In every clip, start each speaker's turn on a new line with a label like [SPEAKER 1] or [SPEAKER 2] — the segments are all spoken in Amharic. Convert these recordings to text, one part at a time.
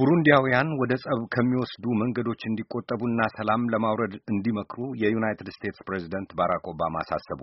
[SPEAKER 1] ቡሩንዲያውያን ወደ ጸብ ከሚወስዱ መንገዶች እንዲቆጠቡና ሰላም ለማውረድ እንዲመክሩ የዩናይትድ ስቴትስ ፕሬዚደንት ባራክ ኦባማ አሳሰቡ።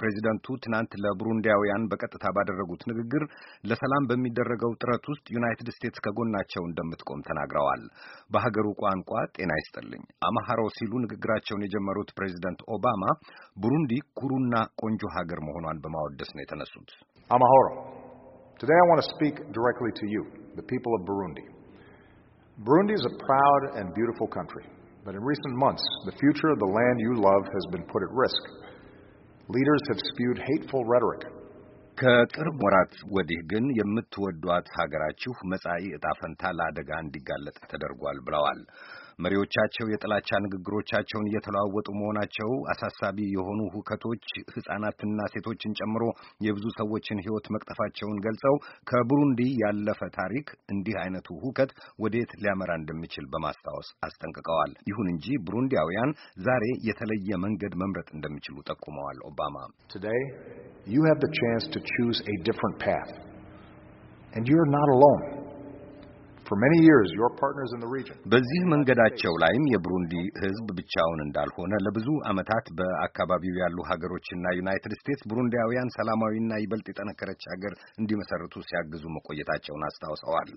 [SPEAKER 1] ፕሬዚደንቱ ትናንት ለቡሩንዲያውያን በቀጥታ ባደረጉት ንግግር ለሰላም በሚደረገው ጥረት ውስጥ ዩናይትድ ስቴትስ ከጎናቸው እንደምትቆም ተናግረዋል። በሀገሩ ቋንቋ ጤና ይስጥልኝ አማሃሮ ሲሉ ንግግራቸውን የጀመሩት ፕሬዚደንት ኦባማ ቡሩንዲ ኩሩና ቆንጆ ሀገር መሆኗን በማወደስ ነው የተነሱት።
[SPEAKER 2] አማሃሮ Today I want to speak Burundi is a proud and beautiful country, but in recent months, the future
[SPEAKER 1] of the land you love has been put at risk. Leaders have spewed hateful rhetoric. ከቅርብ ወራት ወዲህ ግን የምትወዷት ሀገራችሁ መጻኢ ፈንታ ለአደጋ እንዲጋለጥ ተደርጓል ብለዋል። መሪዎቻቸው የጥላቻ ንግግሮቻቸውን እየተለዋወጡ መሆናቸው አሳሳቢ የሆኑ ሁከቶች ሕጻናትና ሴቶችን ጨምሮ የብዙ ሰዎችን ሕይወት መቅጠፋቸውን ገልጸው ከቡሩንዲ ያለፈ ታሪክ እንዲህ አይነቱ ሁከት ወዴት ሊያመራ እንደሚችል በማስታወስ አስጠንቅቀዋል። ይሁን እንጂ ቡሩንዲያውያን ዛሬ የተለየ መንገድ መምረጥ እንደሚችሉ ጠቁመዋል። ኦባማ Today, you have the chance to choose a different path. And you're not alone. በዚህ መንገዳቸው ላይም የብሩንዲ ሕዝብ ብቻውን እንዳልሆነ ለብዙ ዓመታት በአካባቢው ያሉ ሀገሮችና ዩናይትድ ስቴትስ ብሩንዲያውያን ሰላማዊና ይበልጥ የጠነከረች ሀገር እንዲመሰርቱ ሲያግዙ መቆየታቸውን አስታውሰዋል።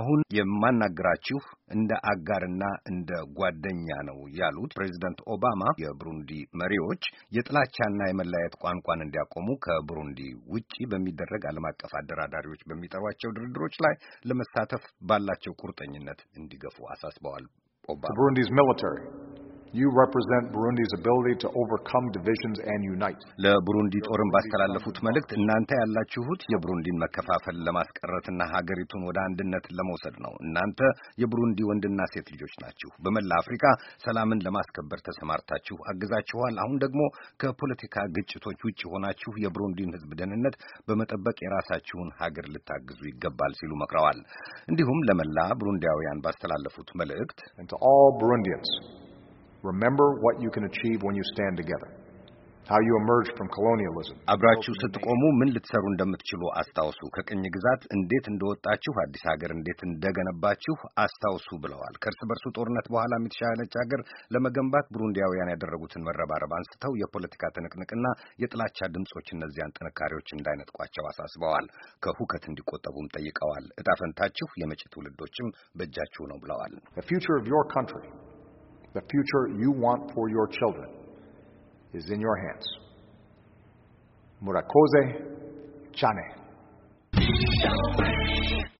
[SPEAKER 1] አሁን የማናገራችሁ እንደ አጋርና እንደ ጓደኛ ነው ያሉት ፕሬዚደንት ኦባማ የብሩንዲ መሪዎች የጥላቻና የመለያየት ቋንቋን እንዲያቆሙ ከብሩንዲ ውጪ በሚደረግ ዓለም አቀፍ አደራዳሪዎች በሚጠሯቸው ድርድሮች ላይ ለመሳተፍ ባለ ባላቸው ቁርጠኝነት እንዲገፉ አሳስበዋል።
[SPEAKER 2] ኦባማ
[SPEAKER 1] ለቡሩንዲ ጦርን ባስተላለፉት መልእክት እናንተ ያላችሁት የቡሩንዲን መከፋፈል ለማስቀረትና ሀገሪቱን ወደ አንድነት ለመውሰድ ነው። እናንተ የቡሩንዲ ወንድና ሴት ልጆች ናችሁ። በመላ አፍሪካ ሰላምን ለማስከበር ተሰማርታችሁ አግዛችኋል። አሁን ደግሞ ከፖለቲካ ግጭቶች ውጭ ሆናችሁ የቡሩንዲን ሕዝብ ደህንነት በመጠበቅ የራሳችሁን ሀገር ልታግዙ ይገባል ሲሉ መክረዋል። እንዲሁም ለመላ ቡሩንዲያውያን ባስተላለፉት መልእክት Remember what you can achieve when you stand together. How you emerge from colonialism. አብራችሁ ስትቆሙ ምን ልትሰሩ እንደምትችሉ አስታውሱ። ከቅኝ ግዛት እንዴት እንደወጣችሁ፣ አዲስ ሀገር እንዴት እንደገነባችሁ አስታውሱ ብለዋል። ከእርስ በርሱ ጦርነት በኋላም የተሻለች ሀገር ለመገንባት ብሩንዲያውያን ያደረጉትን መረባረብ አንስተው የፖለቲካ ትንቅንቅና የጥላቻ ድምጾች እነዚያን ጥንካሬዎች እንዳይነጥቋቸው አሳስበዋል። ከሁከት እንዲቆጠቡም ጠይቀዋል። እጣፈንታችሁ ፈንታችሁ የመጪ ትውልዶችም በእጃችሁ ነው ብለዋል። The future of your country The future you want
[SPEAKER 2] for your children is in your hands. Murakose Chane.